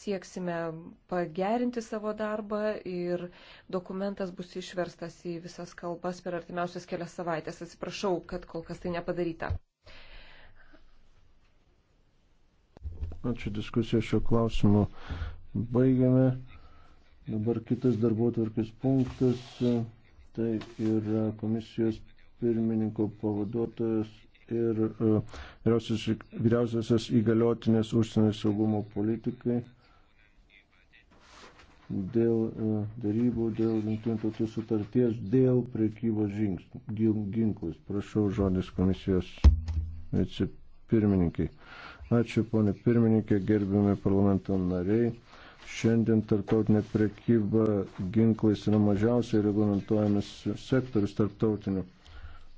sieksime pagerinti savo darbą ir dokumentas bus išverstas į visas kalbas per artimiausias kelias savaitės. Atsiprašau, kad kol kas tai nepadaryta. Ačiū diskusiją šio klausimu. Baigiame. Dabar kitas darbuotvarkės punktas. Tai yra komisijos pirmininko pavaduotojas ir e, vyriausiosios įgaliotinės užsienio saugumo politikai dėl e, darybų, dėl jungtinių tautų sutarties, dėl prekybos ginklus. Prašau žodis komisijos vicepirmininkai. Ačiū, ponė pirmininkė, gerbiami parlamento nariai. Šiandien tarptautinė prekyba ginklais yra mažiausiai reglamentuojamas sektorius tarptautinių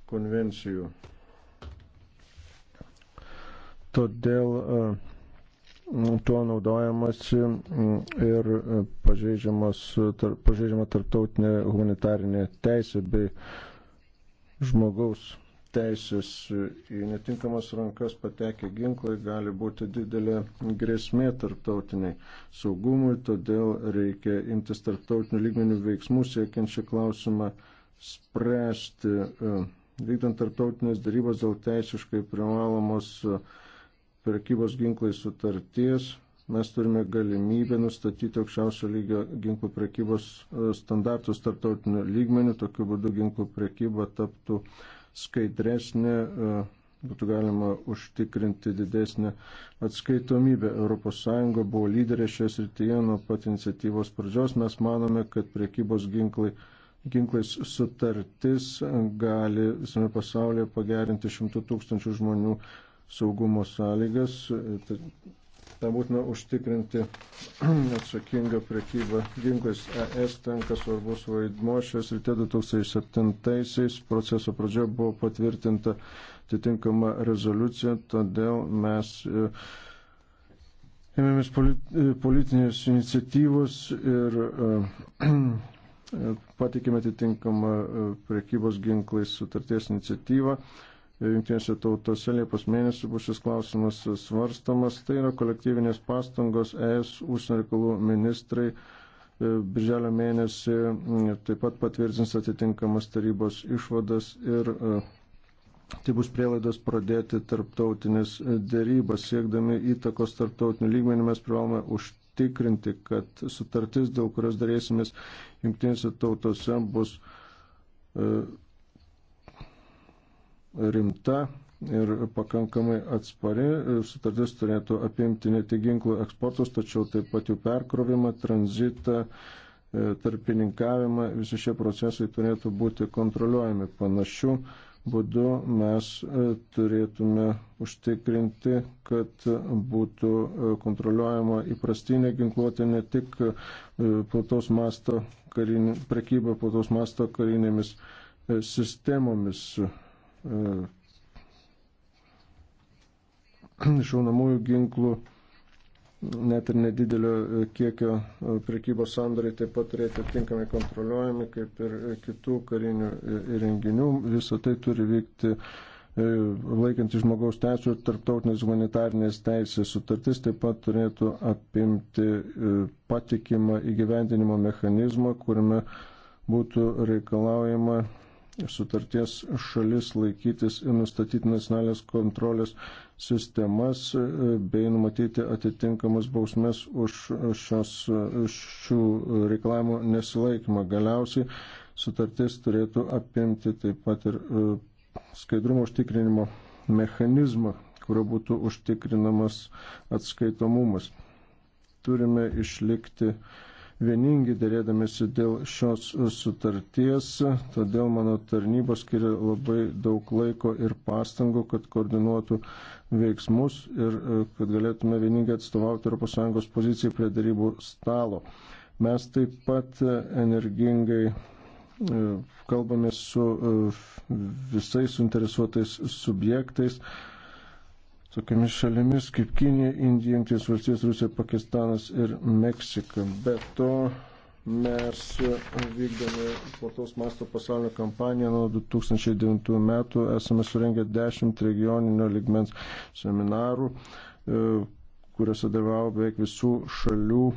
konvencijų. Todėl uh, tuo naudojamasi ir pažeidžiama tarptautinė humanitarinė teisė bei žmogaus teisės į netinkamas rankas patekę ginklai gali būti didelė grėsmė tarptautiniai saugumui, todėl reikia imtis tarptautinių lygmenių veiksmų siekiančią klausimą spręsti. Vykdant tarptautinės darybos dėl teisiškai privalomos uh, prekybos ginklai sutarties mes turime galimybę nustatyti aukščiausio lygio ginklų prekybos e, standartus tarptautiniu lygmeniu, tokiu būdu ginklų prekyba taptų skaidresnė, e, būtų galima užtikrinti didesnę atskaitomybę. ES buvo lyderė šioje srityje nuo pat iniciatyvos pradžios. Mes manome, kad prekybos ginklai ginklais sutartis gali visame pasaulyje pagerinti šimtų tūkstančių žmonių saugumo sąlygas. Tam būtina užtikrinti atsakingą prekybą ginklais. ES tenka svarbus vaidmo. Šios rytė 2007-aisiais proceso pradžioje buvo patvirtinta atitinkama rezoliucija, todėl mes e, ėmėmės e, politinės iniciatyvos ir e, patikėme atitinkamą prekybos ginklais sutarties iniciatyvą. Junktinėse tautose Liepos mėnesį bus šis klausimas svarstamas. Tai yra kolektyvinės pastangos ES užsienio reikalų ministrai. E, birželio mėnesį taip pat patvirtins atitinkamas tarybos išvadas ir e, tai bus prielaidos pradėti tarptautinės e, dėrybas. Siekdami įtakos tarptautinių lygmenį mes privalome užtikrinti, kad sutartis, dėl kurios darėsimės jungtinėse tautose, bus rimta ir pakankamai atspari. Sutartis turėtų apimti ne tik ginklų eksportus, tačiau taip pat jų perkrovimą, tranzitą, e, tarpininkavimą. Visi šie procesai turėtų būti kontroliuojami panašių būdu mes e, turėtume užtikrinti, kad būtų e, kontroliuojama įprastinė ginkluotė ne tik plataus masto karinė, prekyba plataus masto karinėmis sistemomis. Mm. šaunamųjų ginklų, net ir nedidelio e, kiekio e, prekybos sandoriai taip pat turėti tinkamai kontroliuojami, kaip ir e, kitų karinių įrenginių. Visą tai turi vykti laikantį žmogaus teisų ir tarptautinės humanitarnės teisės sutartis taip pat turėtų apimti patikimą įgyvendinimo mechanizmą, kuriame būtų reikalaujama sutarties šalis laikytis ir nustatyti nacionalinės kontrolės sistemas e, bei numatyti atitinkamas bausmes už šios, šių reikalavimų nesilaikymą. Galiausiai sutartis turėtų apimti taip pat ir e, skaidrumo užtikrinimo mechanizmą, kurio būtų užtikrinamas atskaitomumas. Turime išlikti uh, vieningi dėrėdamėsi dėl šios sutarties, todėl mano tarnybos skiria labai daug laiko ir pastangų, kad koordinuotų veiksmus ir e, kad galėtume vieningai atstovauti ES pozicijai prie darybų stalo. Mes taip pat e, energingai e, kalbame su visais suinteresuotais subjektais tokiamis šalimis kaip Kinija, Indija, Jungtinės valstijos, Rusija, Pakistanas ir Meksika. Be to mes vykdome plataus masto pasaulio kampaniją nuo 2009 metų, esame surengę 10 regioninio ligmens seminarų, e, kuriuose dalyvavo beveik visų šalių e,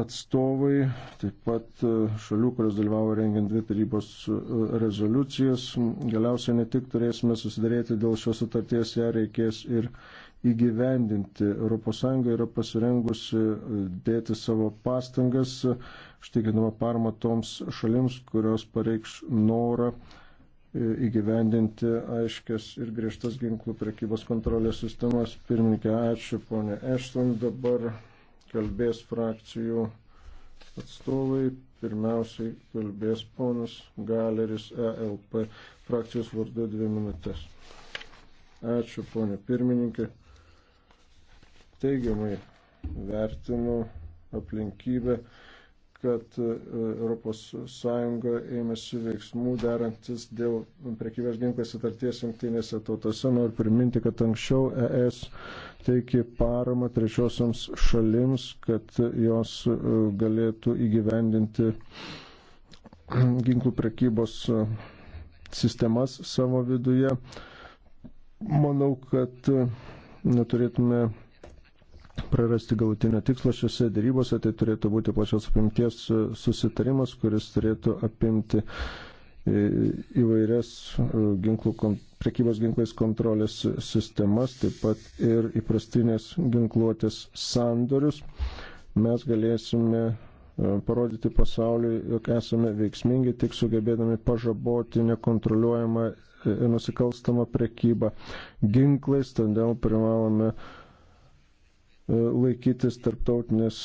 atstovai, taip pat e, šalių, kurios dalyvavo rengiant dvi tarybos e, rezoliucijas. Galiausiai ne tik turėsime susidarėti dėl šios sutarties, ją reikės ir įgyvendinti. ES yra pasirengusi e, dėti savo pastangas, štikrinama parma toms šalims, kurios pareikš norą įgyvendinti aiškias ir griežtas ginklų prekybos kontrolės sistemas. Pirmininkė, ačiū, ponė Ešton. Dabar kalbės frakcijų atstovai. Pirmiausiai kalbės ponas Galeris ELP frakcijos vardu dvi minutės. Ačiū, ponė pirmininkė. Teigiamai vertinu aplinkybę, kad ES ėmėsi veiksmų derantis dėl prekybės ginklais sutarties jungtinėse tautose. Noriu priminti, kad anksčiau ES teikė paramą trečiosiams šalims, kad jos e, galėtų įgyvendinti ginklų prekybos e, sistemas savo viduje. Manau, kad e, neturėtume prarasti galutinio tikslo šiuose dėrybose, tai turėtų būti plačios apimties e, susitarimas, kuris turėtų apimti e, įvairias e, ginklų, prekybos ginklais kontrolės sistemas, taip pat ir įprastinės ginkluotės sandorius. Mes galėsime parodyti pasauliui, jog esame veiksmingi tik sugebėdami pažaboti nekontroliuojamą ir nusikalstamą prekybą ginklais, todėl privalome uh, E, laikytis tarptautinės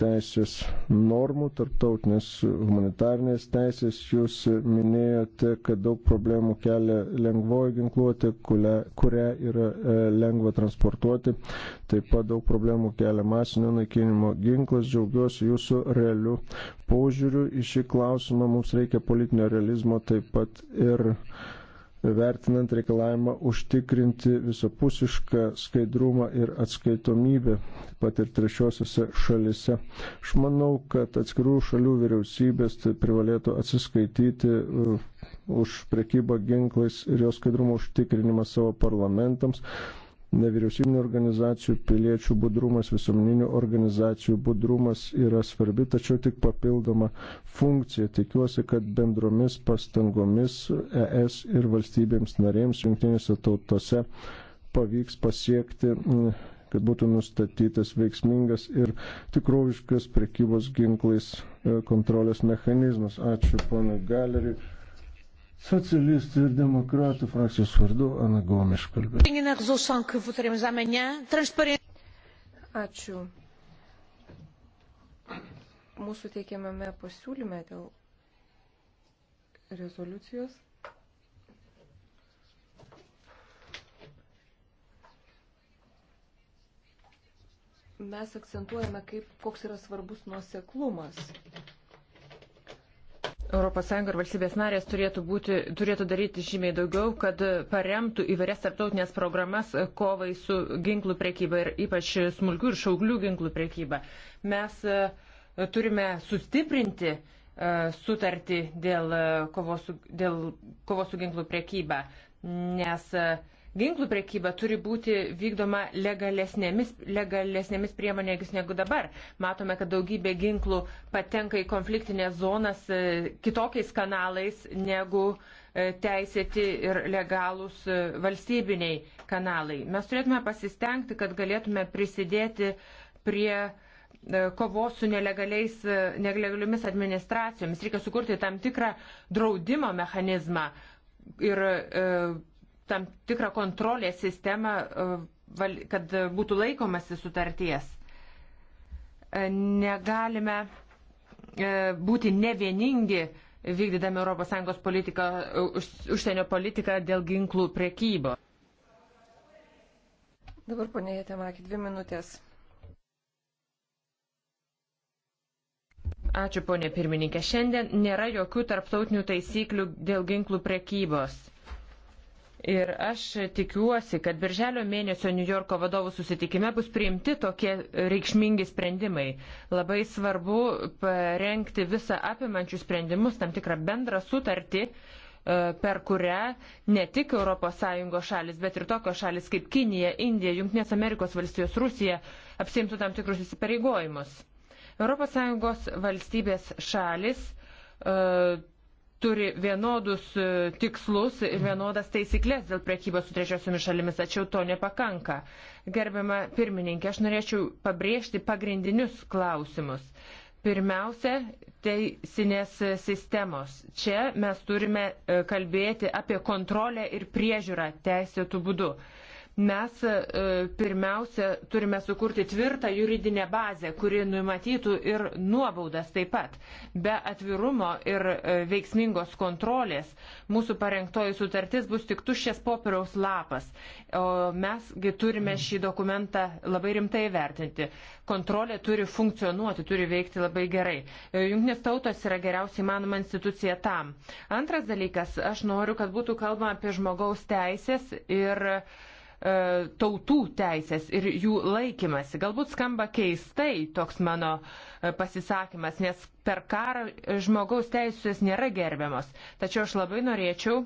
teisės normų, tarptautinės humanitarnės teisės. Jūs minėjote, kad daug problemų kelia lengvoji ginkluotė, kurią, kurią yra e, lengva transportuoti. Taip pat daug problemų kelia masinio naikinimo ginklas. Džiaugiuosi jūsų realiu požiūriu į šį klausimą. Mums reikia politinio realizmo taip pat ir. Uh, vertinant reikalavimą užtikrinti visapusišką skaidrumą ir atskaitomybę pat ir trečiosiose šalise. Aš manau, kad atskirų šalių vyriausybės tai privalėtų atsiskaityti uh, už prekybą ginklais ir jos skaidrumo užtikrinimą savo parlamentams nevyriausybinio organizacijų, piliečių budrumas, visuomeninių organizacijų budrumas yra svarbi, tačiau tik papildoma funkcija. Tikiuosi, kad bendromis pastangomis ES ir valstybėms narėms jungtinėse tautose pavyks pasiekti kad būtų nustatytas veiksmingas ir tikroviškas prekybos ginklais e, kontrolės mechanizmas. Ačiū ponui Galeriui. Socialistų ir demokratų frakcijos vardu Ana Gomiš kalbė. Ačiū. Mūsų teikiamame pasiūlyme dėl rezoliucijos mes akcentuojame, kaip, koks yra svarbus nuoseklumas ES ir valstybės narės turėtų, būti, turėtų daryti žymiai daugiau, kad paremtų įvairias tarptautinės programas kovai su ginklų priekyba ir ypač smulkių ir šauglių ginklų priekyba. Mes e, turime sustiprinti e, sutartį dėl e, kovos su, dėl kovos su ginklų priekyba, nes uh, Ginklų prekyba turi būti vykdoma legalesnėmis, legalesnėmis priemonėmis negu dabar. Matome, kad daugybė ginklų patenka į konfliktinės zonas e, kitokiais kanalais negu e, teisėti ir legalūs e, valstybiniai kanalai. Mes turėtume pasistengti, kad galėtume prisidėti prie kovos su nelegaliomis administracijomis. Reikia sukurti tam tikrą draudimo mechanizmą ir e, tam tikrą kontrolės sistemą, e, kad būtų laikomasi sutarties. E, negalime e, būti nevieningi vykdydami ES politiką, užsienio politiką dėl ginklų priekybo. Dabar ponė Jėtemakė, dvi minutės. Ačiū ponė pirmininkė. Šiandien nėra jokių tarptautinių taisyklių dėl ginklų priekybos. Ir aš tikiuosi, kad birželio mėnesio New Yorko vadovų susitikime bus priimti tokie reikšmingi sprendimai. Labai svarbu parengti visą apimančių sprendimus, tam tikrą bendrą sutartį, e, per kurią ne tik ES šalis, bet ir tokios šalis kaip Kinija, Indija, Junktinės Amerikos valstijos, Rusija apsimtų tam tikrus įsipareigojimus. ES valstybės šalis uh, turi vienodus e, tikslus ir vienodas taisyklės dėl priekybos su trečiosiomis šalimis, tačiau to nepakanka. Gerbiama pirmininkė, aš norėčiau pabrėžti pagrindinius klausimus. Pirmiausia, teisinės sistemos. Čia mes turime e, kalbėti apie kontrolę ir priežiūrą teisėtų būdų. Mes e, pirmiausia turime sukurti tvirtą juridinę bazę, kuri numatytų ir nuobaudas taip pat. Be atvirumo ir e, veiksmingos kontrolės mūsų parengtoji sutartis bus tik tuščias popieriaus lapas. O mesgi turime šį dokumentą labai rimtai vertinti. Kontrolė turi funkcionuoti, turi veikti labai gerai. E, Junktinės tautos yra geriausiai manoma institucija tam. Antras dalykas, aš noriu, kad būtų kalbama apie žmogaus teisės ir uh, E, tautų teisės ir jų laikymasi. Galbūt skamba keistai toks mano e, pasisakymas, nes per karą žmogaus teisės nėra gerbiamos. Tačiau aš labai norėčiau,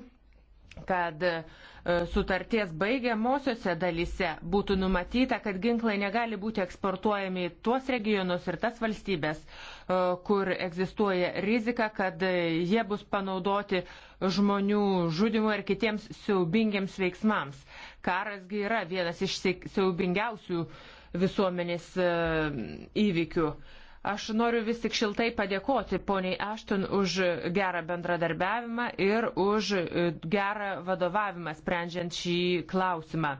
kad uh, E, sutarties baigiamosiose dalise būtų numatyta, kad ginklai negali būti eksportuojami tuos regionus ir tas valstybės, e, kur egzistuoja rizika, kad jie bus panaudoti žmonių žudimui ar kitiems siaubingiams veiksmams. Karasgi yra vienas iš siaubingiausių visuomenės e, įvykių. Aš noriu vis tik šiltai padėkoti poniai Ashton už gerą bendradarbiavimą ir už e, gerą vadovavimą sprendžiant šį klausimą.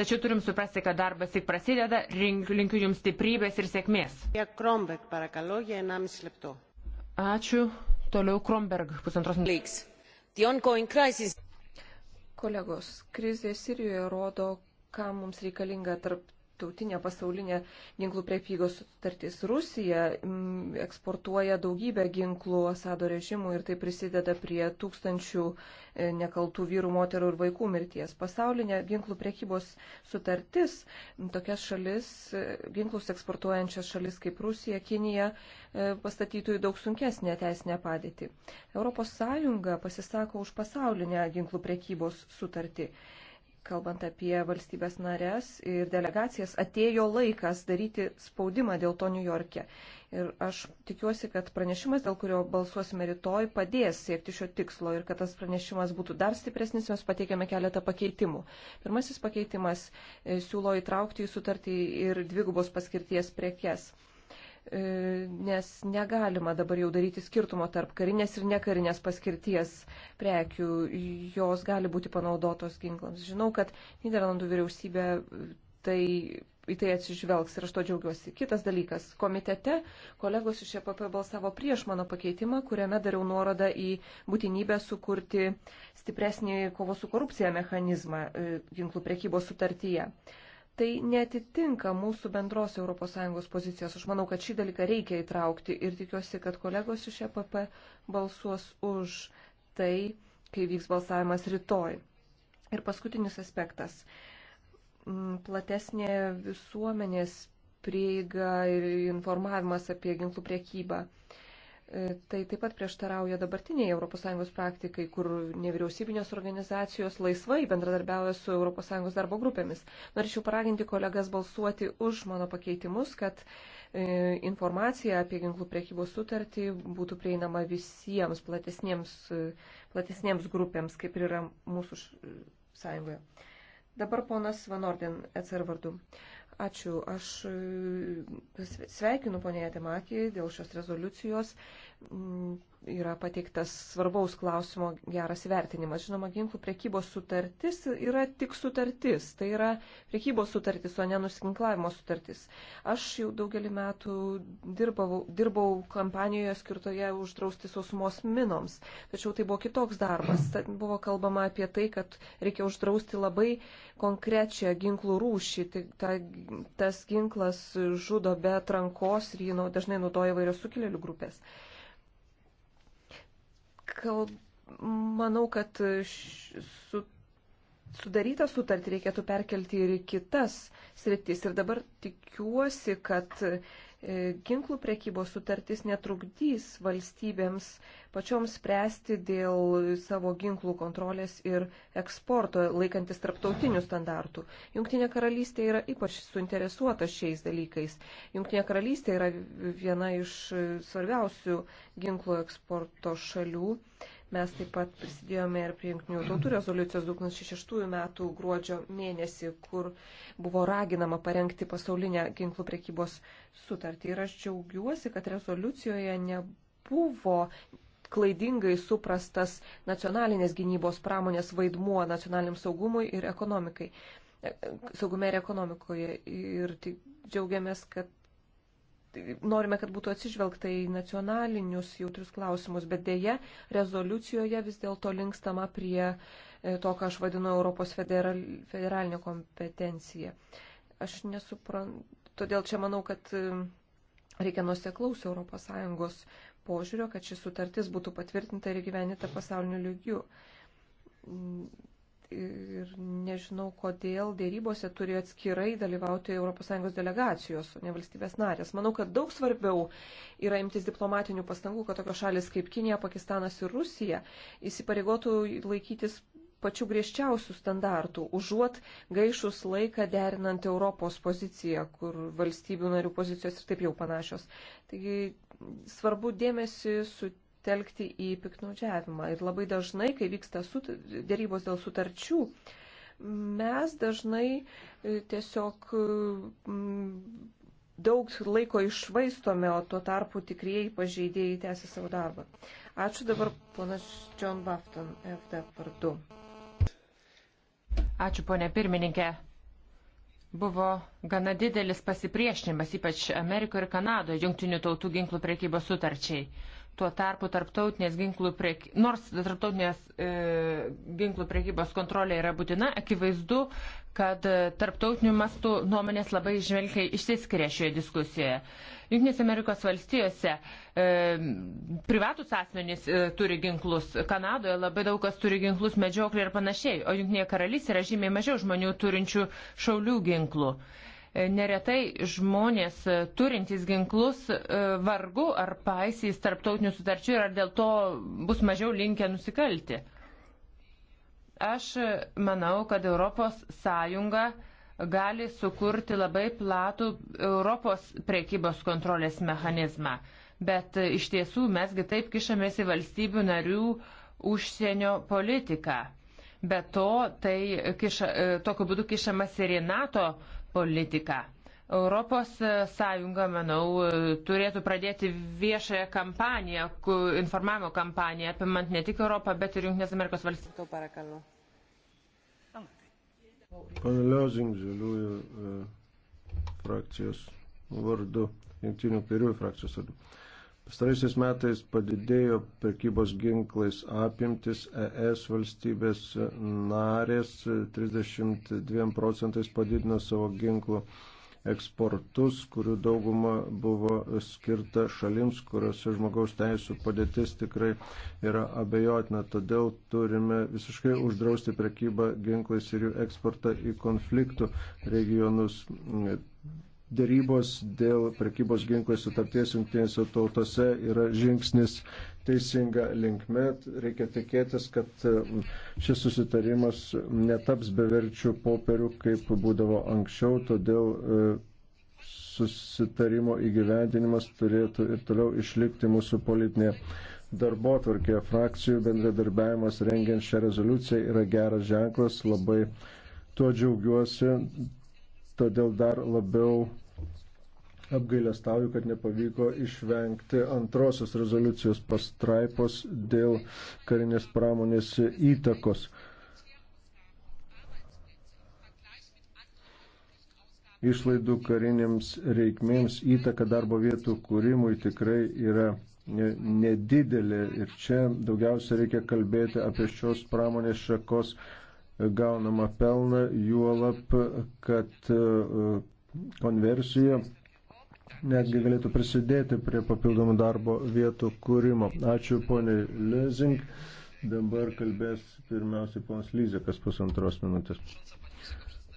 Tačiau turim suprasti, kad darbas tik prasideda. Rink, linkiu Jums stiprybės ir sėkmės. Ačiū. Toliau Kromberg, pusantros minutės. Kolegos, krizė Sirijoje rodo, kam mums reikalinga tarp tarptautinė pasaulinė ginklų priepygos sutartis. Rusija mm, eksportuoja daugybę ginklų Asado režimui ir tai prisideda prie tūkstančių e, nekaltų vyrų, moterų ir vaikų mirties. Pasaulinė ginklų priekybos sutartis tokias šalis, e, ginklus eksportuojančias šalis kaip Rusija, Kinija e, pastatytų į daug sunkesnę teisinę padėtį. ES pasisako už pasaulinę ginklų priekybos sutartį kalbant apie valstybės narės ir delegacijas, atėjo laikas daryti spaudimą dėl to New York'e. Ir aš tikiuosi, kad pranešimas, dėl kurio balsuosime rytoj, padės siekti šio tikslo ir kad tas pranešimas būtų dar stipresnis, mes pateikėme keletą pakeitimų. Pirmasis pakeitimas e, siūlo įtraukti į sutartį ir dvigubos paskirties prekes. E, nes negalima dabar jau daryti skirtumo tarp karinės ir nekarinės paskirties prekių, jos gali būti panaudotos ginklams. Žinau, kad Niderlandų vyriausybė tai, į tai atsižvelgs ir aš to džiaugiuosi. Kitas dalykas, komitete kolegos iš EPP balsavo prieš mano pakeitimą, kuriame dariau nuorodą į būtinybę sukurti stipresnį kovos su korupcija mechanizmą e, ginklų prekybos sutartyje tai netitinka mūsų bendros ES pozicijos. Aš manau, kad šį dalyką reikia įtraukti ir tikiuosi, kad kolegos iš EPP balsuos už tai, kai vyks balsavimas rytoj. Ir paskutinis aspektas. Mm, platesnė visuomenės prieiga ir informavimas apie ginklų priekybą. Uh, E, tai taip pat prieštarauja dabartiniai ES praktikai, kur nevyriausybinės organizacijos laisvai bendradarbiauja su ES darbo grupėmis. Norėčiau paraginti kolegas balsuoti už mano pakeitimus, kad e, informacija apie ginklų priekybos sutartį būtų prieinama visiems platesniems, e, platesniems grupėms, kaip ir yra mūsų e, sąjungoje. Dabar ponas Vanorden, atsarvardu. vardu. Ačiū. Aš e, sveikinu ponė Jatemakį dėl šios rezoliucijos Mm, yra pateiktas svarbaus klausimo geras vertinimas. Žinoma, ginklų priekybos sutartis yra tik sutartis. Tai yra priekybos sutartis, o ne nusiginklavimo sutartis. Aš jau daugelį metų dirbau, dirbau kampanijoje skirtoje uždrausti sausumos minoms. Tačiau tai buvo kitoks darbas. Tad buvo kalbama apie tai, kad reikia uždrausti labai konkrečią ginklų rūšį. Tai, ta, tas ginklas žudo be trankos ir jį nu, dažnai naudoja vairios sukilėlių grupės kalb, manau, kad su, sudarytą sutartį reikėtų perkelti ir į kitas sritis. Ir dabar tikiuosi, kad E, ginklų prekybos sutartis netrukdys valstybėms pačioms spręsti dėl savo ginklų kontrolės ir eksporto, laikantis tarptautinių standartų. Junktinė karalystė yra ypač suinteresuota šiais dalykais. Junktinė karalystė yra viena iš svarbiausių ginklų eksporto šalių. Mes taip pat prisidėjome ir prie Junktinių tautų rezoliucijos 2006 metų gruodžio mėnesį, kur buvo raginama parengti pasaulinę ginklų prekybos sutartį. Ir aš džiaugiuosi, kad rezoliucijoje nebuvo klaidingai suprastas nacionalinės gynybos pramonės vaidmuo nacionaliniam saugumui ir ekonomikai saugume ir ekonomikoje. Ir tik džiaugiamės, kad norime, kad būtų atsižvelgta į nacionalinius jautrius klausimus, bet dėje rezoliucijoje vis dėlto linkstama prie e, to, ką aš vadinu Europos federal, federalinė kompetencija. Aš nesuprantu, todėl čia manau, kad e, reikia nuseklaus ES požiūrio, kad ši sutartis būtų patvirtinta ir gyvenita pasauliniu lygiu ir nežinau, kodėl dėrybose turi atskirai dalyvauti ES delegacijos, o ne valstybės narės. Manau, kad daug svarbiau yra imtis diplomatinių pastangų, kad tokios šalis kaip Kinija, Pakistanas ir Rusija įsipareigotų laikytis pačių griežčiausių standartų, užuot gaišus laiką derinant Europos poziciją, kur valstybių narių pozicijos ir taip jau panašios. Taigi svarbu dėmesį sutikti telkti į piknaudžiavimą. Ir labai dažnai, kai vyksta sut... dėrybos dėl sutarčių, mes dažnai e, tiesiog e, daug laiko išvaistome, o tuo tarpu tikrieji pažeidėjai tęsia savo darbą. Ačiū dabar ponas John Bafton, FD vardu. Ačiū ponė pirmininkė. Buvo gana didelis pasipriešinimas, ypač Amerikoje ir Kanadoje, jungtinių tautų ginklų priekybos sutarčiai. Tuo tarpu tarptautinės ginklų priek... nors tarptautinės e, ginklų priekybos kontrolė yra būtina, akivaizdu, kad e, tarptautinių mastų nuomonės labai žvelgiai išsiskiria šioje diskusijoje. Junktinės Amerikos valstijose e, privatus asmenys e, turi ginklus, Kanadoje labai daug kas turi ginklus medžioklį ir panašiai, o Junktinėje karalystėje yra žymiai mažiau žmonių turinčių šaulių ginklų. E, Neretai žmonės e, turintys ginklus e, vargu ar paisys tarptautinių sutarčių ir ar dėl to bus mažiau linkę nusikalti. Aš e, manau, kad Europos Sąjunga gali sukurti labai platų Europos priekybos kontrolės mechanizmą. Bet iš tiesų mesgi taip kišamės į valstybių narių užsienio politiką Be to, tai kiša, e, tokiu būdu kišamas ir į NATO politiką. Europos Sąjunga, manau, turėtų pradėti viešąją kampaniją, informavimo kampaniją, apimant ne tik Europą, bet ir Junktinės Amerikos valstybės. Pane Liozing, žaliųjų e, frakcijos vardu, Junktinių kairiųjų frakcijos vardu. Pastaraisiais metais padidėjo prekybos ginklais apimtis ES valstybės narės 32 procentais padidino savo ginklų eksportus, kurių dauguma buvo skirta šalims, kuriuose žmogaus teisų padėtis tikrai yra abejotina. Todėl turime visiškai uždrausti prekybą ginklais ir jų eksportą į konfliktų regionus dėrybos dėl prekybos ginklais sutarties jungtinėse tautose yra žingsnis teisinga linkme. Reikia tikėtis, kad e, šis susitarimas netaps beverčių popierių, kaip būdavo anksčiau, todėl e, susitarimo įgyvendinimas turėtų ir toliau išlikti mūsų politinėje darbo tvarkė. Frakcijų bendradarbiavimas rengiant šią rezoliuciją yra geras ženklas, labai tuo džiaugiuosi todėl dar labiau apgailestauju, kad nepavyko išvengti antrosios rezoliucijos pastraipos dėl karinės pramonės įtakos. Išlaidų karinėms reikmėms įtaka darbo vietų kūrimui tikrai yra nedidelė ir čia daugiausia reikia kalbėti apie šios pramonės šakos gaunamą pelną, juolap, kad e, konversija netgi galėtų prisidėti prie papildomų darbo vietų kūrimo. Ačiū poniai Lezing. Dabar kalbės pirmiausiai ponas Lyzekas pusantros minutės.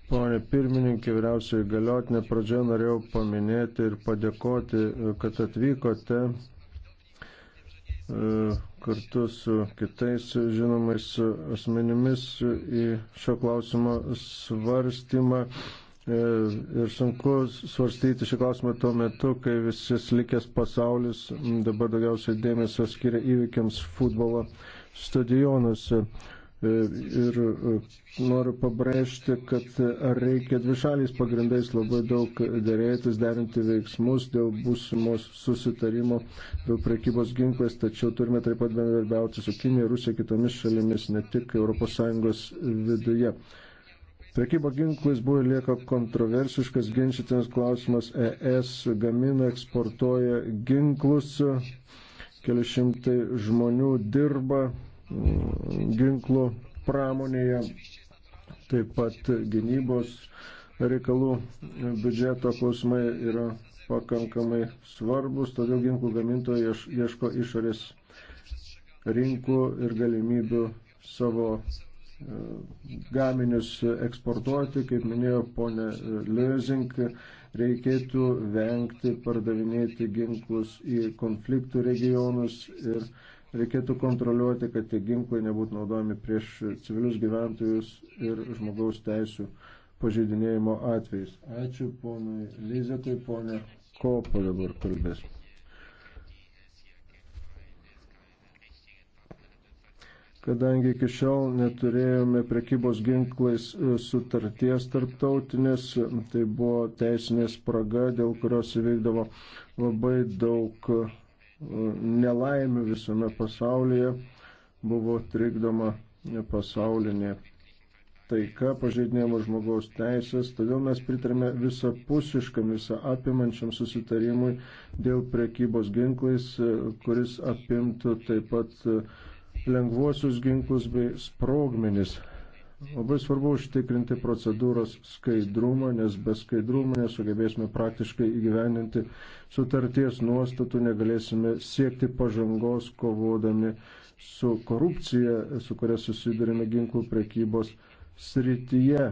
Pone pirmininkė, vyriausiai galiotinė, pradžioje norėjau paminėti ir padėkoti, kad atvykote E, kartu su kitais žinomais asmenimis į šio klausimo svarstymą. E, ir sunku svarstyti šį klausimą tuo metu, kai visas likęs pasaulis dabar daugiausiai dėmesio skiria įvykiams futbolo stadionuose. E, ir e, noriu pabrėžti, kad reikia dvišaliais pagrindais labai daug dėrėtis, derinti veiksmus dėl būsimos susitarimo, dėl prekybos ginklais, tačiau turime taip pat bendradarbiauti su Kinija, Rusija, kitomis šalimis, ne tik ES viduje. Prekyba ginklais buvo lieka kontroversiškas, ginčytinas klausimas. ES gamina, eksportuoja ginklus, keli šimtai žmonių dirba ginklų pramonėje, taip pat gynybos reikalų biudžeto klausimai yra pakankamai svarbus, todėl ginklų gamintojai ieško išorės rinkų ir galimybių savo e, gaminius eksportuoti, kaip minėjo ponė Lözink, reikėtų vengti pardavinėti ginklus į konfliktų regionus ir reikėtų kontroliuoti, kad tie ginklai nebūtų naudojami prieš civilius gyventojus ir žmogaus teisų pažeidinėjimo atvejais. Ačiū ponui Lyzetai, ponė Kopo dabar kalbės. Kadangi iki šiol neturėjome prekybos ginklais e, sutarties tarptautinės, tai buvo teisinė spraga, dėl kurios įvykdavo labai daug nelaimių visame pasaulyje buvo trikdoma pasaulinė taika, pažeidinėjama žmogaus teisės, todėl mes pritarėme visapusiškam, visą apimančiam susitarimui dėl prekybos ginklais, kuris apimtų taip pat lengvuosius ginklus bei sprogmenis. Labai svarbu užtikrinti procedūros skaidrumą, nes be skaidrumo nesugebėsime praktiškai įgyveninti sutarties nuostatų, negalėsime siekti pažangos kovodami su korupcija, su kuria susidurime ginklų prekybos srityje.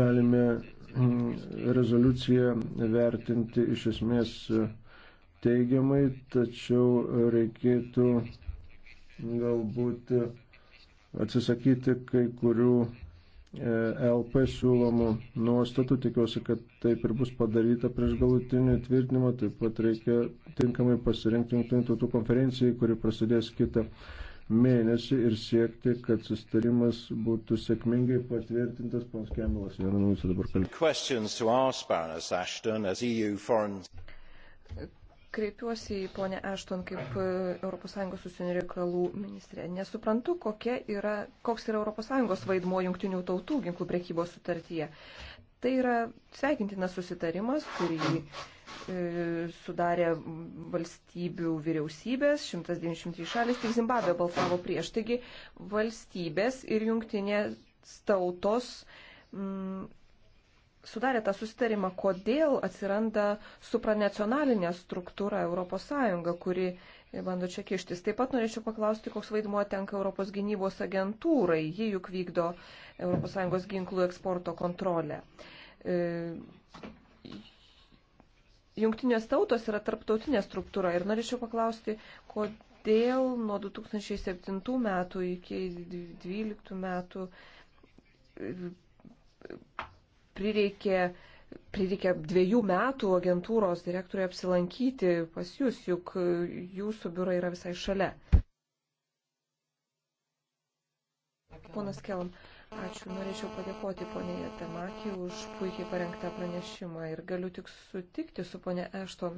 Galime mm, rezoliuciją vertinti iš esmės teigiamai, tačiau reikėtų galbūt e, atsisakyti kai kurių e, LP siūlomų nuostatų. Tikiuosi, kad taip ir bus padaryta prieš galutinį tvirtinimą. Taip pat reikia tinkamai pasirinkti Junktinių tautų konferencijai, kuri prasidės kitą mėnesį ir siekti, kad sustarimas būtų sėkmingai patvirtintas. Pons Kemelas, vieną minutę dabar kalbėsiu. Kreipiuosi į ponę Ešton kaip ES užsienio reikalų ministrė. Nesuprantu, yra, koks yra ES vaidmuo jungtinių tautų ginklų priekybos sutartyje. Tai yra sveikintinas susitarimas, kurį e, sudarė valstybių vyriausybės, 193 šalis, tik Zimbabvė balsavo prieš. Taigi valstybės ir jungtinės tautos m, sudarė tą susitarimą, kodėl atsiranda supranacionalinė struktūra ES, kuri bando čia kištis. Taip pat norėčiau paklausti, koks vaidmuo tenka Europos gynybos agentūrai. Ji juk vykdo ES ginklų eksporto kontrolę. E, jungtinės tautos yra tarptautinė struktūra ir norėčiau paklausti, kodėl nuo 2007 metų iki 2012 metų prireikė, prireikė dviejų metų agentūros direktoriui apsilankyti pas jūs, juk jūsų biurai yra visai šalia. Ponas Kelam, ačiū, norėčiau padėkoti ponė Temakį už puikiai parengtą pranešimą ir galiu tik sutikti su ponė Ešton,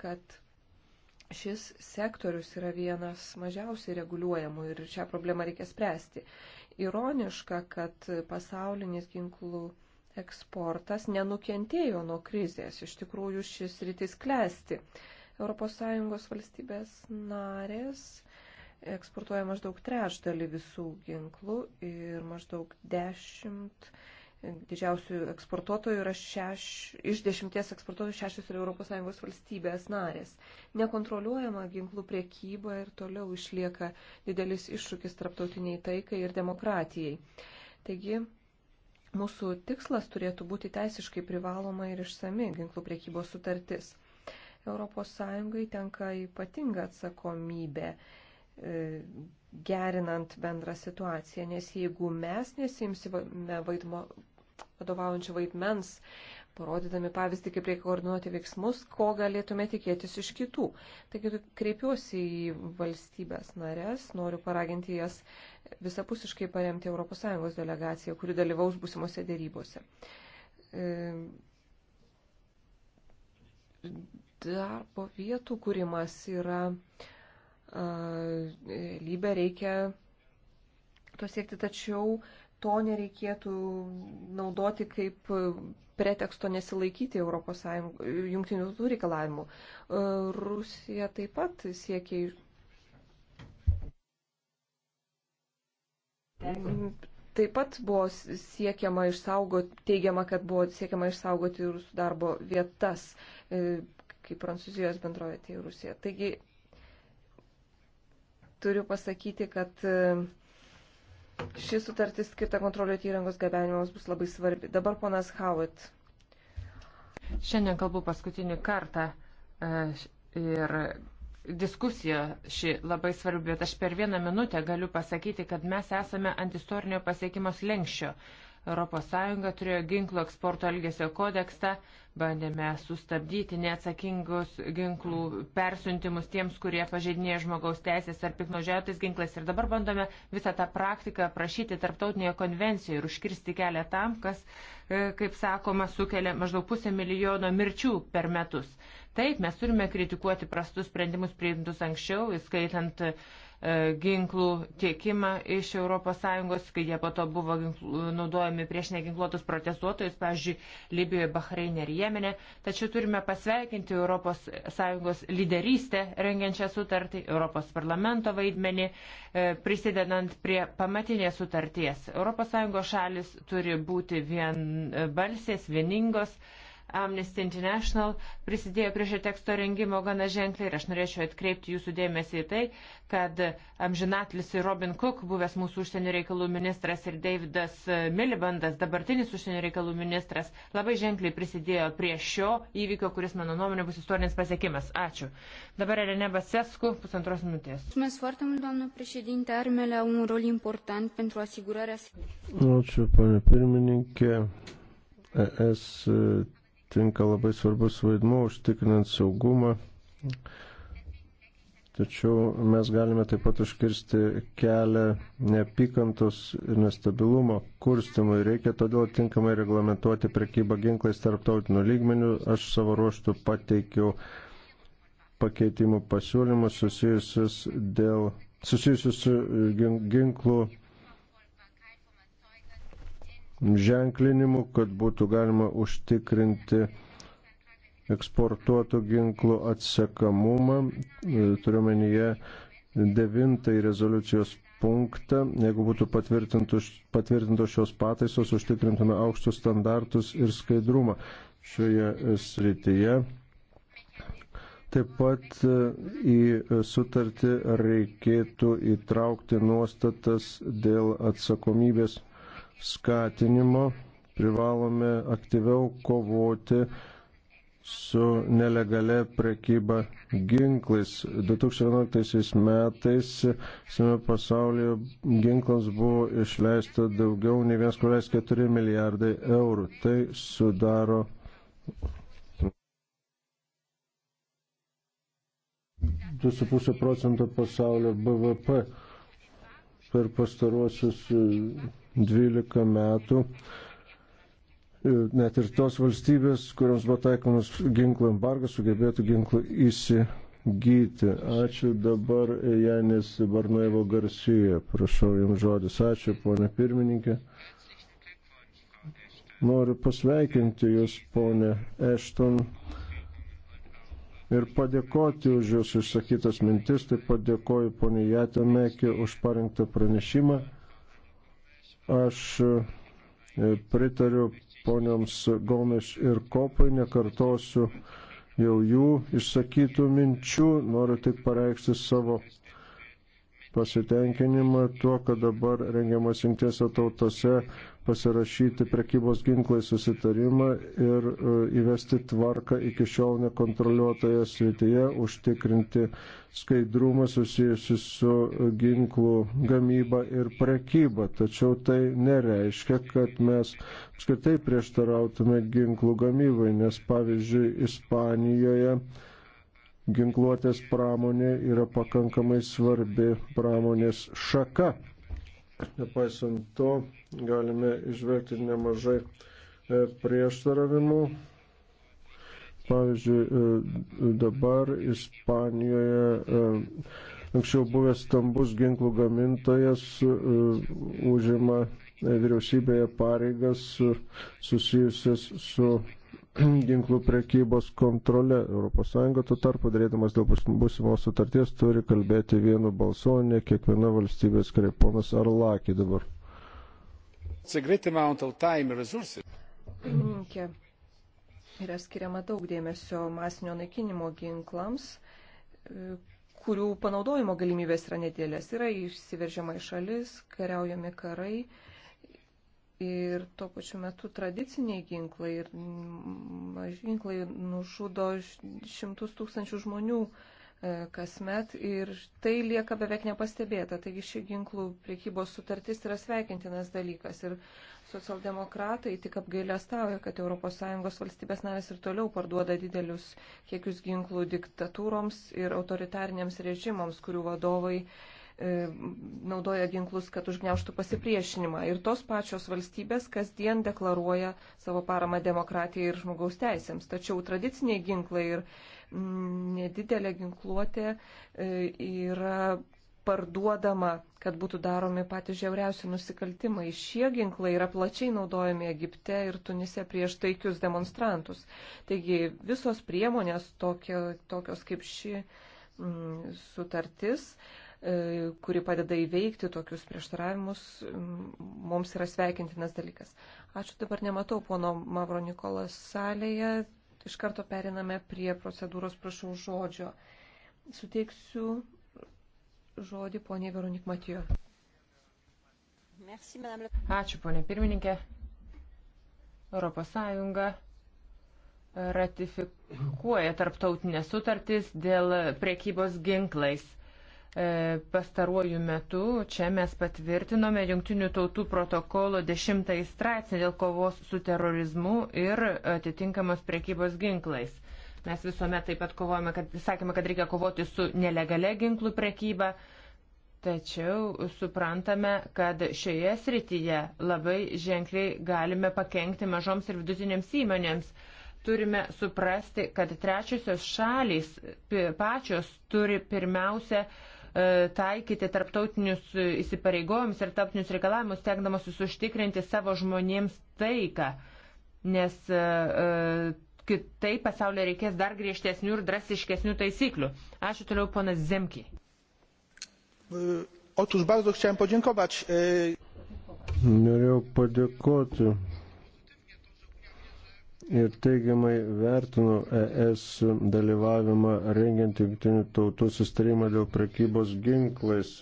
kad šis sektorius yra vienas mažiausiai reguliuojamų ir šią problemą reikia spręsti. Ironiška, kad pasaulinis ginklų eksportas nenukentėjo nuo krizės. Iš tikrųjų, šis rytis klesti. ES valstybės narės eksportuoja maždaug trečdalį visų ginklų ir maždaug dešimt didžiausių eksportuotojų yra šeš, iš dešimties eksportuotojų šešios yra ES valstybės narės. Nekontroliuojama ginklų priekyba ir toliau išlieka didelis iššūkis tarptautiniai taikai ir demokratijai. Taigi, Mūsų tikslas turėtų būti teisiškai privaloma ir išsami ginklų priekybos sutartis. ES tenka ypatinga atsakomybė e, gerinant bendrą situaciją, nes jeigu mes nesimsime vaidmo, vadovaujančio vaidmens, parodydami pavyzdį, kaip reikia koordinuoti veiksmus, ko galėtume tikėtis iš kitų. Taigi kreipiuosi į valstybės narės, noriu paraginti jas visapusiškai paremti ES delegaciją, kuri dalyvaus būsimose dėrybose. E, darbo vietų kūrimas yra lybė reikia to siekti, tačiau to nereikėtų naudoti kaip e, preteksto nesilaikyti ES jungtinių tautų reikalavimų. E, Rusija taip pat siekia. Taip pat buvo siekiama išsaugoti, teigiama, kad buvo siekiama išsaugoti rusų darbo vietas, e, kaip Prancūzijos bendrovė tai Rusija. Taigi, turiu pasakyti, kad Ši sutartis skirta kontroliuoti įrangos gabenimams bus labai svarbi. Dabar ponas Howitt. Šiandien kalbu paskutinį kartą e, ir diskusija ši labai svarbi, bet aš per vieną minutę galiu pasakyti, kad mes esame ant istorinio pasiekimo slengščio. ES turėjo ginklo eksporto elgesio kodeksą, bandėme sustabdyti neatsakingus ginklų persiuntimus tiems, kurie pažeidinėja žmogaus teisės ar piknožiautis ginklais. Ir dabar bandome visą tą praktiką prašyti tarptautinėje konvencijoje ir užkirsti kelią tam, kas, e, kaip sakoma, sukelia maždaug pusę milijono mirčių per metus. Taip, mes turime kritikuoti prastus sprendimus priimtus anksčiau, įskaitant uh, E, ginklų tiekimą iš ES, kai jie po to buvo ginklų, naudojami prieš neginkluotus protestuotojus, pavyzdžiui, Libijoje, Bahreinė ir Jemenė. Tačiau turime pasveikinti ES lyderystę rengiančią sutartį, ES parlamento vaidmenį, e, prisidedant prie pamatinės sutarties. ES šalis turi būti vienbalsės, vieningos Amnesty International prisidėjo prie šio teksto rengimo gana ženkliai ir aš norėčiau atkreipti jūsų dėmesį į tai, kad amžinatlis ir Robin Cook, buvęs mūsų užsienio reikalų ministras ir Davidas e, Milibandas, dabartinis užsienio reikalų ministras, labai ženkliai prisidėjo prie šio įvykio, kuris, mano nuomonė, bus istorinis pasiekimas. Ačiū. Dabar Elena Basescu, pusantros minutės. Ačiū, pane pirmininkė. ES tenka labai svarbus vaidmuo užtikrinant saugumą. Tačiau mes galime taip pat užkirsti kelią neapykantos ir nestabilumo kurstimui. Reikia todėl tinkamai reglamentuoti prekybą ginklais tarptautiniu lygmeniu. Aš savo ruoštų pateikiau pakeitimų pasiūlymus susijusius, dėl, susijusius su ginklų ženklinimu, kad būtų galima užtikrinti eksportuotų ginklų atsekamumą. E, turiuomenyje devintąjį rezoliucijos punktą, jeigu būtų patvirtintos šios pataisos, užtikrintume aukštus standartus ir skaidrumą šioje e, srityje. Taip pat e, į sutartį reikėtų įtraukti nuostatas dėl atsakomybės skatinimo privalome aktyviau kovoti su nelegale prekyba ginklais. 2011 metais visame pasaulyje ginklams buvo išleista daugiau nei 1,4 milijardai eurų. Tai sudaro. Du su pusė procento pasaulio BVP per pastaruosius 12 metų. E, net ir tos valstybės, kuriams buvo taikomas ginklų embargas, sugebėtų ginklų įsigyti. Ačiū dabar e, Janis Barnaivo Garsijoje. Prašau Jums žodis. Ačiū, ponė pirmininkė. Noriu pasveikinti Jūs, ponė Ešton ir padėkoti už Jūsų išsakytas mintis, taip pat dėkoju poniai Jatomekė už parinktą pranešimą. Aš e, pritariu poniams Gomes ir Kopai, nekartosiu jau jų išsakytų minčių, noriu tik pareikšti savo pasitenkinimą tuo, kad dabar rengiamas jungtėse tautose pasirašyti prekybos ginklai susitarimą ir e, įvesti tvarką iki šiol nekontroliuotoje srityje, užtikrinti skaidrumą susijusi su ginklų gamyba ir prekyba. Tačiau tai nereiškia, kad mes apskritai prieštarautume ginklų gamybai, nes pavyzdžiui, Ispanijoje ginkluotės pramonė yra pakankamai svarbi pramonės šaka. Nepaisant to, galime išvelgti nemažai e, prieštaravimų. Pavyzdžiui, e, dabar Ispanijoje e, anksčiau buvęs stambus ginklų gamintojas užima vyriausybėje pareigas susijusias su ginklų prekybos kontrole. ES tuo tarpu, darėdamas dėl būsimos sutarties, turi kalbėti vienu balsu, o ne kiekviena valstybės kreiponas ar lakį dabar. Pirmininkė, mm, yra skiriama daug dėmesio masinio naikinimo ginklams, e, kurių panaudojimo galimybės yra nedėlės. Yra išsiveržiama į šalis, kariaujami karai ir tuo pačiu metu tradiciniai ginklai ir ginklai nužudo šimtus tūkstančių žmonių e, kasmet ir tai lieka beveik nepastebėta. Taigi ši ginklų priekybos sutartis yra sveikintinas dalykas ir socialdemokratai tik apgailę stavoja, kad ES valstybės narės ir toliau parduoda didelius kiekius ginklų diktatūroms ir autoritariniams režimams, kurių vadovai uh, E, naudoja ginklus, kad užgneuštų pasipriešinimą. Ir tos pačios valstybės kasdien deklaruoja savo paramą demokratijai ir žmogaus teisėms. Tačiau tradiciniai ginklai ir nedidelė ginkluotė e, yra parduodama, kad būtų daromi patys žiauriausi nusikaltimai. Šie ginklai yra plačiai naudojami Egipte ir Tunise prieš taikius demonstrantus. Taigi visos priemonės tokio, tokios kaip ši m, sutartis E, kuri padeda įveikti tokius prieštaravimus, mums yra sveikintinas dalykas. Ačiū, dabar nematau pono Mavro Nikolas salėje. Iš karto periname prie procedūros, prašau žodžio. Suteiksiu žodį ponė Veronik Matijo. Ačiū, ponė pirmininkė. Europos Sąjunga ratifikuoja tarptautinės sutartys dėl priekybos ginklais. E, pastaruoju metu čia mes patvirtinome Junktinių tautų protokolo 10 straipsnį dėl kovos su terorizmu ir atitinkamos prekybos ginklais. Mes visuomet taip pat kovojame, kad sakėme, kad reikia kovoti su nelegale ginklų prekyba, tačiau suprantame, kad šioje srityje labai ženkliai galime pakengti mažoms ir vidutinėms įmonėms turime suprasti, kad trečiosios šalys pačios turi pirmiausia E, taikyti tarptautinius įsipareigojimus ir tarptautinius reikalavimus, tenkdamasis užtikrinti savo žmonėms taiką, nes e, e, kitaip pasaulyje reikės dar griežtesnių ir drastiškesnių taisyklių. Ačiū toliau, ponas Zemki. Otóż bardzo chciałem podziękować. Norėjau padėkoti ir teigiamai vertinu ES dalyvavimą rengiant jungtinių tautų sustarimą dėl prekybos ginklais.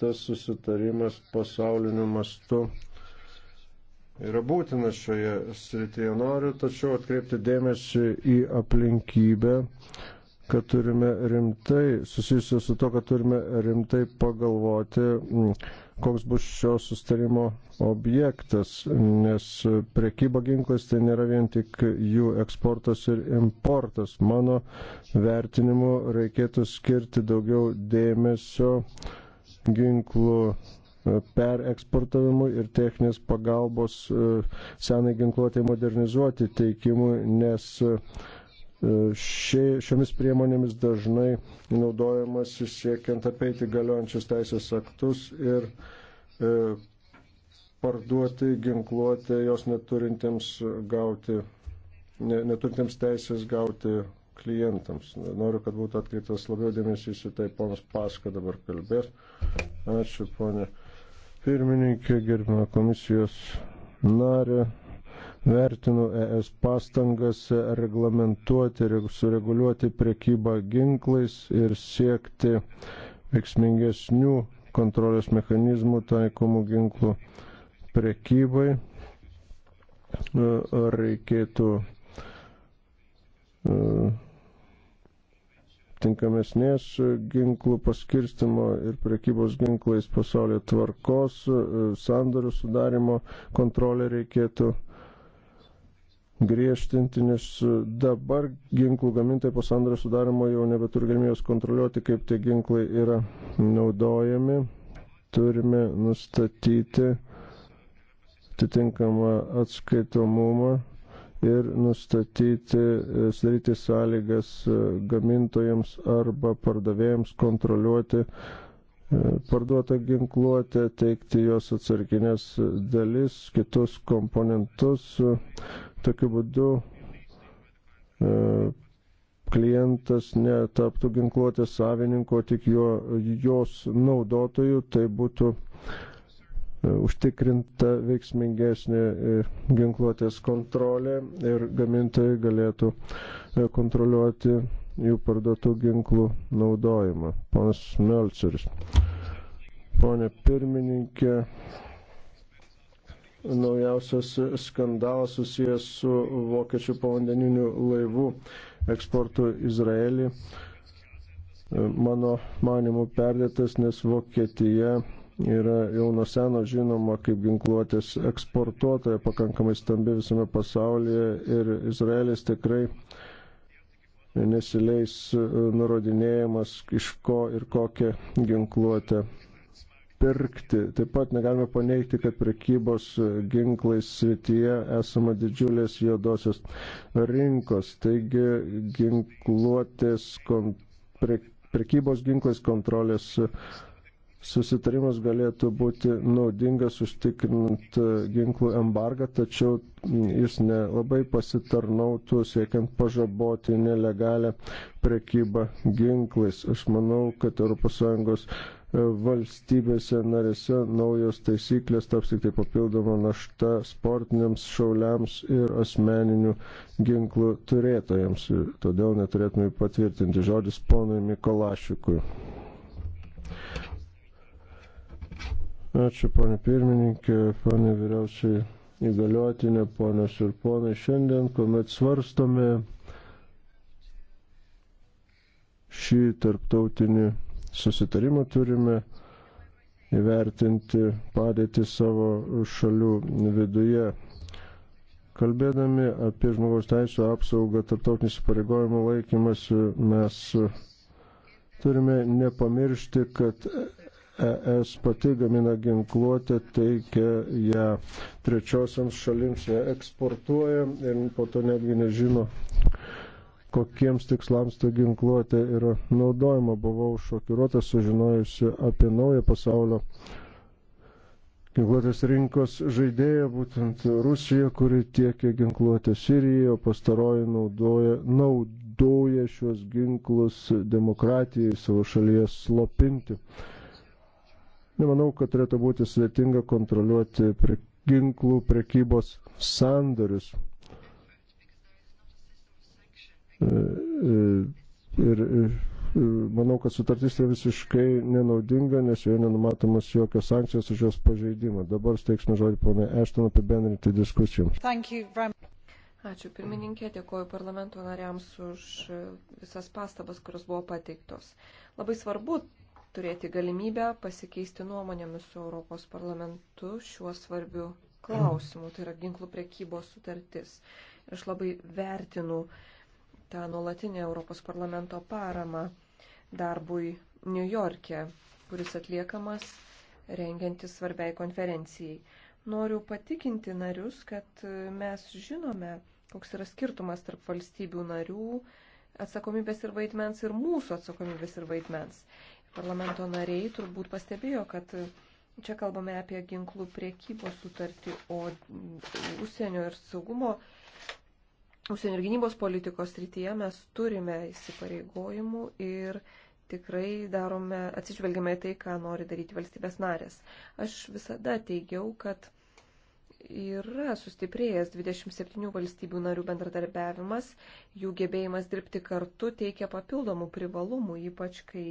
Tas susitarimas pasauliniu mastu yra būtinas šioje srityje. Noriu tačiau atkreipti dėmesį į aplinkybę, kad turime rimtai, susijusiu su to, kad turime rimtai pagalvoti. Mm, koks bus šio sustarimo objektas, nes prekyba ginklais tai nėra vien tik jų eksportas ir importas. Mano vertinimu reikėtų skirti daugiau dėmesio ginklų pereksportavimui ir techninės pagalbos e, senai ginkluotai modernizuoti teikimui, nes E, Šie, šiomis priemonėmis dažnai naudojamas siekiant apeiti galiojančius teisės aktus ir e, parduoti ginkluotę jos neturintiems, gauti, ne, neturintiems teisės gauti klientams. Noriu, kad būtų atkreiptas labiau dėmesys į tai, ponas Paska dabar kalbės. Ačiū, ponė pirmininkė, gerbimo komisijos narė vertinu ES pastangas reglamentuoti ir sureguliuoti prekybą ginklais ir siekti veiksmingesnių kontrolės mechanizmų taikomų ginklų prekybai. Ar e, reikėtų e, tinkamesnės ginklų paskirstimo ir prekybos ginklais pasaulio tvarkos, e, sandorių sudarimo kontrolę reikėtų uh, griežtinti, nes dabar ginklų gamintojai po sandario sudarimo jau nebeturi galimybės kontroliuoti, kaip tie ginklai yra naudojami. Turime nustatyti atitinkamą atskaitomumą ir nustatyti, sudaryti sąlygas gamintojams arba pardavėjams kontroliuoti e, parduotą ginkluotę, teikti jos atsarginės dalis, kitus komponentus Tokiu būdu e, klientas netaptų ginkluotės savininko, tik jo, jos naudotojų, tai būtų e, užtikrinta veiksmingesnė e, ginkluotės kontrolė ir gamintojai galėtų kontroliuoti jų parduotų ginklų naudojimą. Ponas Melceris. Pone pirmininkė, naujausias skandalas susijęs su vokiečių povandeniniu laivu eksportu Izraelį. Mano manimų perdėtas, nes Vokietija yra jau nuo seno žinoma kaip ginkluotės eksportuotoja, pakankamai stambi visame pasaulyje ir Izraelis tikrai nesileis nurodinėjimas, iš ko ir kokią ginkluotę pirkti. Taip pat negalime paneigti, kad prekybos ginklais srityje esama didžiulės juodosios rinkos. Taigi ginkluotės, kon, pre, prekybos ginklais kontrolės susitarimas galėtų būti naudingas užtikrinant ginklų embargą, tačiau jis nelabai pasitarnautų siekiant pažaboti nelegalę prekybą ginklais. Aš manau, kad ES valstybėse narėse naujos taisyklės taps tik tai papildoma našta sportiniams šauliams ir asmeninių ginklų turėtojams. Ir todėl neturėtume patvirtinti žodis ponui Mikolašikui. Ačiū, ponė pirmininkė, ponė vyriausiai įgaliotinė, ponės ir ponai. Šiandien, kuomet svarstome šį tarptautinį susitarimą turime įvertinti padėtį savo šalių viduje. Kalbėdami apie žmogaus teisų apsaugą, tarptautinį įsipareigojimą laikymasi, mes turime nepamiršti, kad ES pati gamina ginkluotę, teikia ją trečiosiams šalims, ją eksportuoja ir po to netgi nežino, kokiems tikslams ta ginkluotė yra naudojama. Buvau šokiruotas sužinojusi apie naują pasaulio ginkluotės rinkos žaidėją, būtent Rusiją, kuri tiekia ginkluotę Sirijoje, o pastaroji naudoja, naudoja šios ginklus demokratijai savo šalyje slopinti. Nemanau, kad turėtų būti sudėtinga kontroliuoti prie ginklų prekybos sandarius. E, e, ir e, manau, kad sutartis yra visiškai nenaudinga, nes joje nenumatomas jokios sankcijos už jos pažeidimą. Dabar steiksime žodį ponai Ešton apibendrinti diskusijoms. Ačiū pirmininkė, dėkoju parlamento nariams už visas pastabas, kurios buvo pateiktos. Labai svarbu turėti galimybę pasikeisti nuomonėmis su Europos parlamentu šiuo svarbiu klausimu, tai yra ginklų prekybos sutartis. Ir aš labai vertinu uh, tą nuolatinę Europos parlamento paramą darbui New York'e, kuris atliekamas rengiantis svarbiai konferencijai. Noriu patikinti narius, kad mes žinome, koks yra skirtumas tarp valstybių narių atsakomybės ir vaidmens ir mūsų atsakomybės ir vaidmens. Parlamento nariai turbūt pastebėjo, kad čia kalbame apie ginklų priekybos sutartį, o užsienio ir saugumo užsienio ir gynybos politikos srityje mes turime įsipareigojimų ir tikrai darome, atsižvelgiame į tai, ką nori daryti valstybės narės. Aš visada teigiau, kad yra sustiprėjęs 27 valstybių narių bendradarbiavimas, jų gebėjimas dirbti kartu teikia papildomų privalumų, ypač kai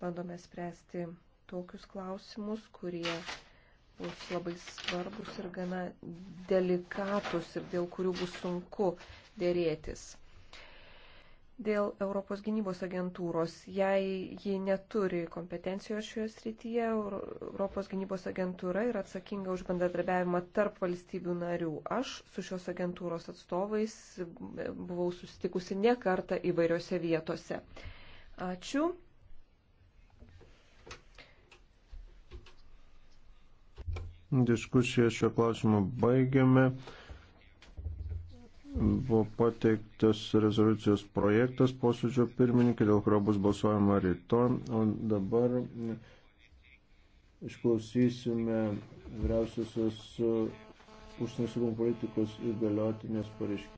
bandome spręsti tokius klausimus, kurie bus labai svarbus ir gana delikatus ir dėl kurių bus sunku dėrėtis. Dėl Europos gynybos agentūros, jei ji neturi kompetencijos šioje srityje, Europos gynybos agentūra yra atsakinga už bendradarbiavimą tarp valstybių narių. Aš su šios agentūros atstovais buvau susitikusi ne kartą įvairiose vietose. Ačiū. Diskusiją šio klausimu baigiame buvo pateiktas rezoliucijos projektas posėdžio pirmininkė, dėl kurio bus balsuojama rytoj. O dabar išklausysime vyriausiosios užsienio saugumo politikos įgaliotinės pareiškimą.